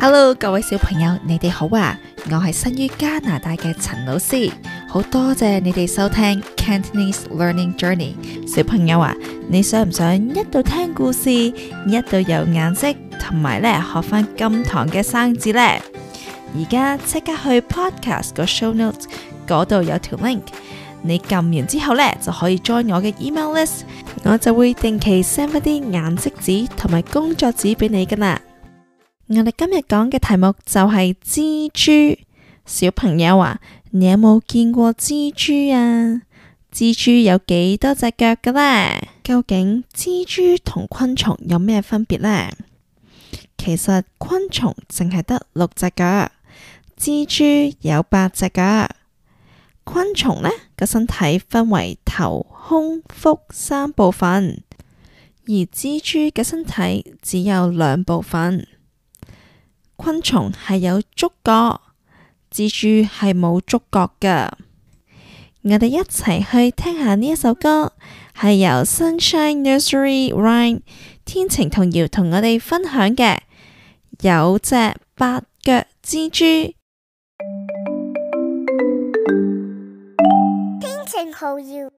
Hello，各位小朋友，你哋好啊！我係生於加拿大嘅陳老師，好多謝你哋收聽 Cantonese Learning Journey。小朋友啊，你想唔想一度聽故事，一度有顏色，同埋咧學翻今堂嘅生字呢？而家即刻去 Podcast 個 Show Notes 嗰度有條 link，你撳完之後咧就可以 join 我嘅 email list，我就會定期 send 一啲顏色紙同埋工作紙俾你噶啦。我哋今日講嘅題目就係蜘蛛。小朋友啊，你有冇見過蜘蛛啊？蜘蛛有幾多隻腳㗎呢？究竟蜘蛛同昆蟲有咩分別呢？其實昆蟲淨係得六隻腳，蜘蛛有八隻腳。昆蟲呢個身體分為頭、胸、腹三部分，而蜘蛛嘅身體只有兩部分。昆蟲係有觸角，蜘蛛係冇觸角㗎。我哋一齊去聽下呢一首歌，係由 Sunshine Nursery Rhyme 天晴童謠同我哋分享嘅，有隻八腳蜘蛛。天晴童謠。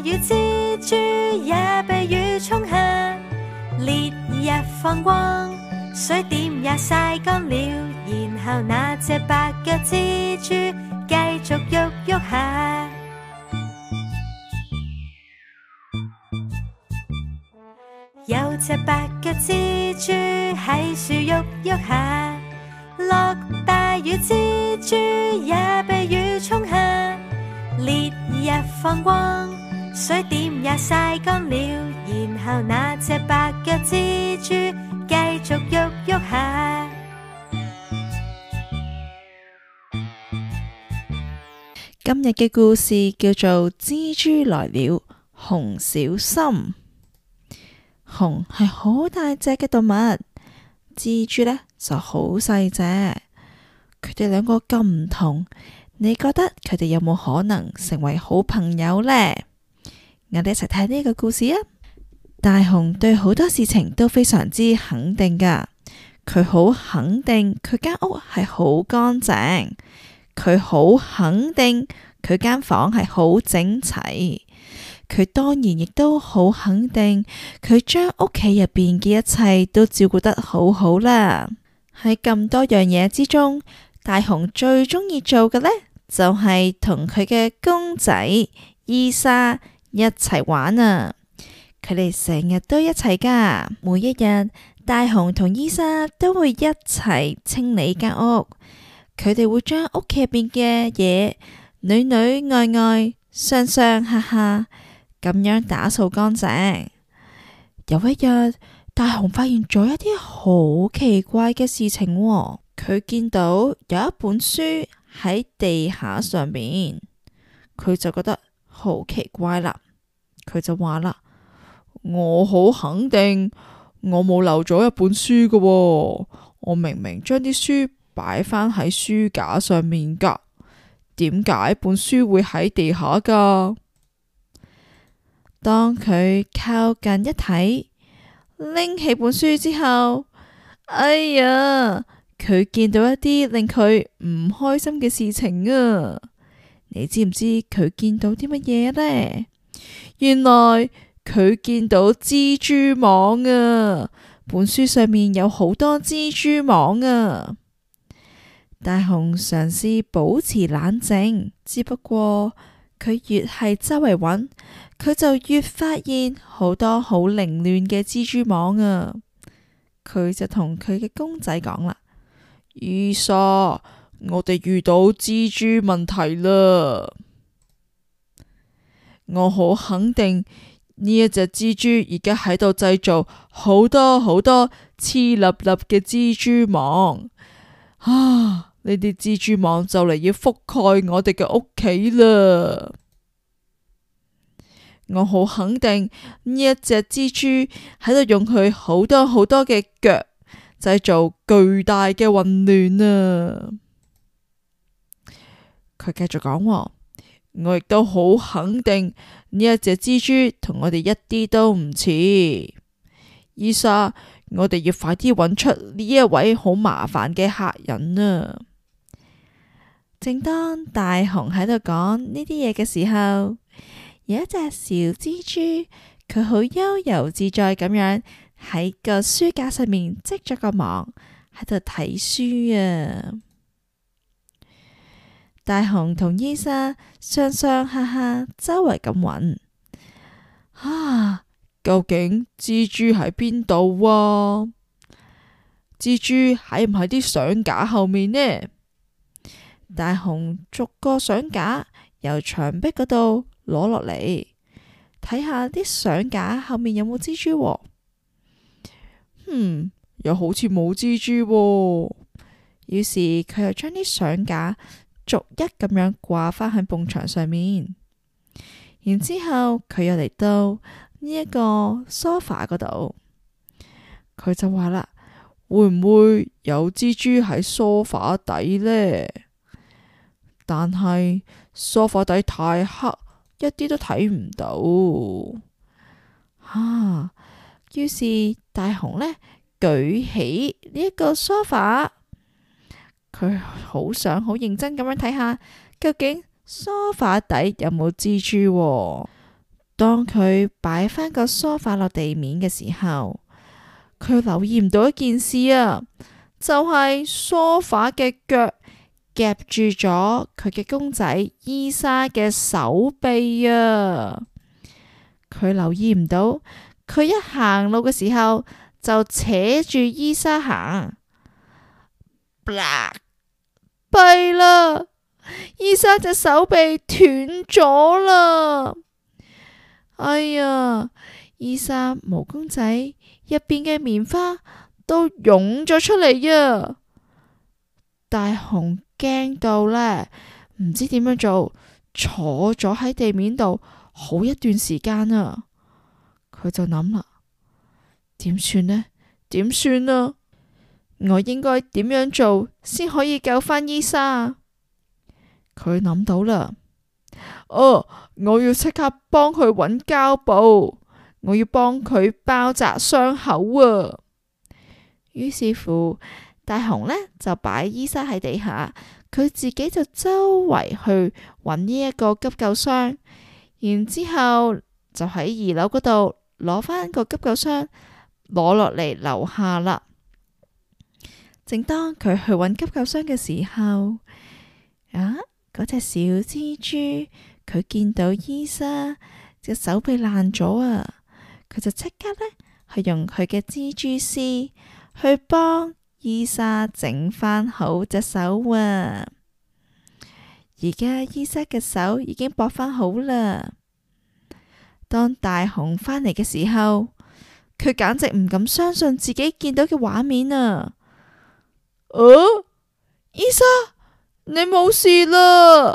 大雨，蜘蛛也被雨沖下，烈日放光，水點也曬乾了，然後那隻八腳蜘蛛繼續喐喐下。有隻八腳蜘蛛喺樹喐喐下，落大雨，蜘蛛也被雨沖下，烈日放光。水點也曬乾了，然後那隻白腳蜘蛛繼續喐喐下。今日嘅故事叫做《蜘蛛來了》，紅小心。紅係好大隻嘅動物，蜘蛛呢就好細隻。佢哋兩個咁唔同，你覺得佢哋有冇可能成為好朋友呢？我哋一齊睇呢個故事啊！大雄對好多事情都非常之肯定噶。佢好肯定佢間屋係好乾淨，佢好肯定佢間房係好整齊。佢當然亦都好肯定佢將屋企入邊嘅一切都照顧得好好啦。喺咁多樣嘢之中，大雄最中意做嘅呢，就係同佢嘅公仔伊莎，一齊玩啊！佢哋成日都一齊噶，每一日大雄同醫生都會一齊清理間屋。佢哋會將屋企入邊嘅嘢，裏裏外外上上下下咁樣打掃乾淨。有一日，大雄發現咗一啲好奇怪嘅事情，哦，佢見到有一本書喺地下上面，佢就覺得。好奇怪啦！佢就話啦，我好肯定我冇漏咗一本書噶喎，我明明將啲書擺翻喺書架上面噶，點解本書會喺地下噶？當佢靠近一睇，拎起本書之後，哎呀，佢見到一啲令佢唔開心嘅事情啊！你知唔知佢見到啲乜嘢呢？原來佢見到蜘蛛網啊！本書上面有好多蜘蛛網啊！大雄嘗試保持冷靜，只不過佢越係周圍揾，佢就越發現好多好凌亂嘅蜘蛛網啊！佢就同佢嘅公仔講啦：愚傻！我哋遇到蜘蛛問題啦！我好肯定呢一隻蜘蛛而家喺度製造好多好多黐粒粒嘅蜘蛛網啊！呢啲蜘蛛網就嚟要覆蓋我哋嘅屋企啦！我好肯定呢一隻蜘蛛喺度用佢好多好多嘅腳製造巨大嘅混亂啊！佢繼續講、哦，我亦都好肯定呢一隻蜘蛛同我哋一啲都唔似。醫生，我哋要快啲揾出呢一位好麻煩嘅客人啊！正當大雄喺度講呢啲嘢嘅時候，有一隻小蜘蛛，佢好悠遊自在咁樣喺個書架上面織咗個網，喺度睇書啊！大雄同伊莎上上下下周圍咁揾，啊，究竟蜘蛛喺邊度？蜘蛛喺唔喺啲相架後面呢？大雄逐個相架由牆壁嗰度攞落嚟睇下啲相架後面有冇蜘蛛喎？嗯，又好似冇蜘蛛喎。於是佢又將啲相架，逐一咁樣掛返喺埲牆上面，然之後佢又嚟到呢一個梳化嗰度，佢就話啦：會唔會有蜘蛛喺梳化底呢？但係梳化底太黑，一啲都睇唔到。吓、啊，於是大雄呢舉起呢一個梳化佢好想好認真咁樣睇下，究竟梳化底有冇蜘蛛？當佢擺翻個梳化落地面嘅時候，佢留意唔到一件事啊，就係梳化嘅腳夾住咗佢嘅公仔伊莎嘅手臂啊。佢留意唔到，佢一行路嘅時候就扯住伊莎行。弊啦！醫生隻手臂斷咗啦！哎呀，醫生毛公仔入邊嘅棉花都湧咗出嚟啊！大雄驚到呢，唔知點樣做，坐咗喺地面度好一段時間啊！佢就諗啦，點算呢？點算啊？我應該點樣做先可以救返醫生？佢諗到啦。哦，我要即刻幫佢搵膠布，我要幫佢包紮傷口啊！於是乎，大雄呢就擺醫生喺地下，佢自己就周圍去搵呢一個急救箱，然之後就喺二樓嗰度攞返個急救箱攞落嚟樓下啦。正當佢去揾急救箱嘅時候，啊，嗰隻小蜘蛛佢見到伊莎隻手臂爛咗啊，佢就即刻呢，去用佢嘅蜘蛛絲去幫伊莎整翻好隻手啊。而家伊莎嘅手已經駁翻好啦。當大雄翻嚟嘅時候，佢簡直唔敢相信自己見到嘅畫面啊！哦，醫生，你冇事啦？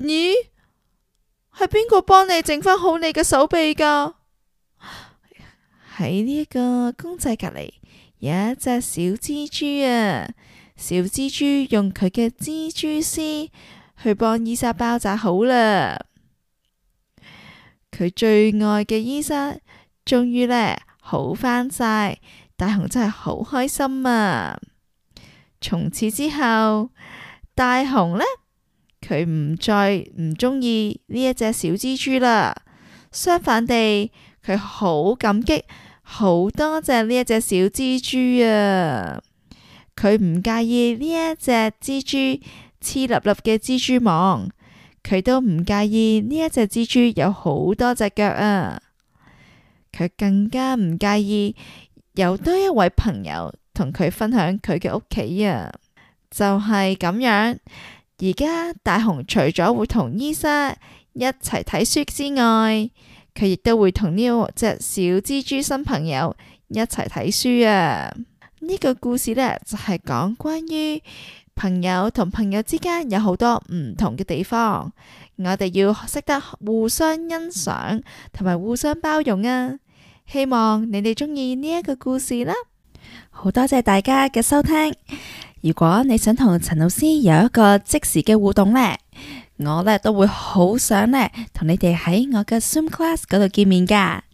咦，係邊個幫你整翻好你嘅手臂噶？喺呢一個公仔隔籬有一隻小蜘蛛啊，小蜘蛛用佢嘅蜘蛛絲去幫醫生包紮好啦。佢最愛嘅醫生終於呢好翻晒，大雄真係好開心啊！從此之後，大雄呢，佢唔再唔中意呢一隻小蜘蛛啦。相反地，佢好感激好多隻呢一隻小蜘蛛啊。佢唔介意呢一隻蜘蛛黐立立嘅蜘蛛網，佢都唔介意呢一隻蜘蛛有好多隻腳啊。佢更加唔介意有多一位朋友。同佢分享佢嘅屋企啊，就係、是、咁樣。而家大雄除咗會同醫生一齊睇書之外，佢亦都會同呢隻小蜘蛛新朋友一齊睇書啊。呢、這個故事咧就係、是、講關於朋友同朋友之間有好多唔同嘅地方，我哋要識得互相欣賞同埋互相包容啊。希望你哋中意呢一個故事啦。好多謝大家嘅收聽。如果你想同陳老師有一個即時嘅互動呢，我呢都會好想呢同你哋喺我嘅 Zoom class 嗰度見面噶。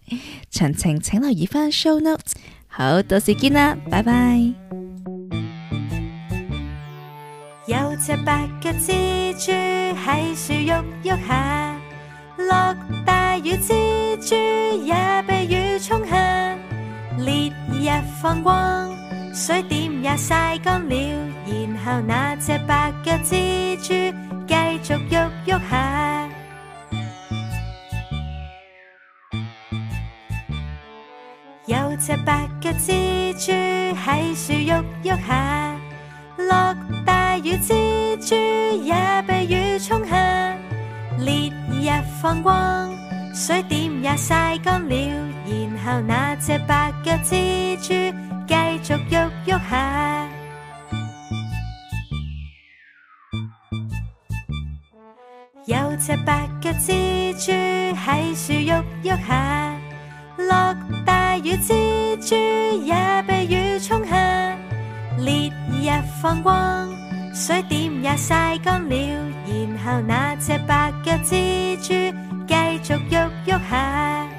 詳情請留意翻 Show Notes。好，到時見啦，拜拜。有隻八腳蜘蛛喺樹喐喐下，落大雨之。 放光，水點也曬乾了，然後那隻八腳蜘蛛繼續喐喐下。 有隻八腳蜘蛛喺樹喐喐下，落大雨，蜘蛛也被雨沖下，烈日放光。水點也曬乾了，然後那隻八腳蜘蛛繼續喐喐下。 有隻八腳蜘蛛喺樹喐喐下，落大雨，蜘蛛也被雨沖下。烈日放光，水點也曬乾了，然後那隻八腳蜘蛛。繼續郁郁下。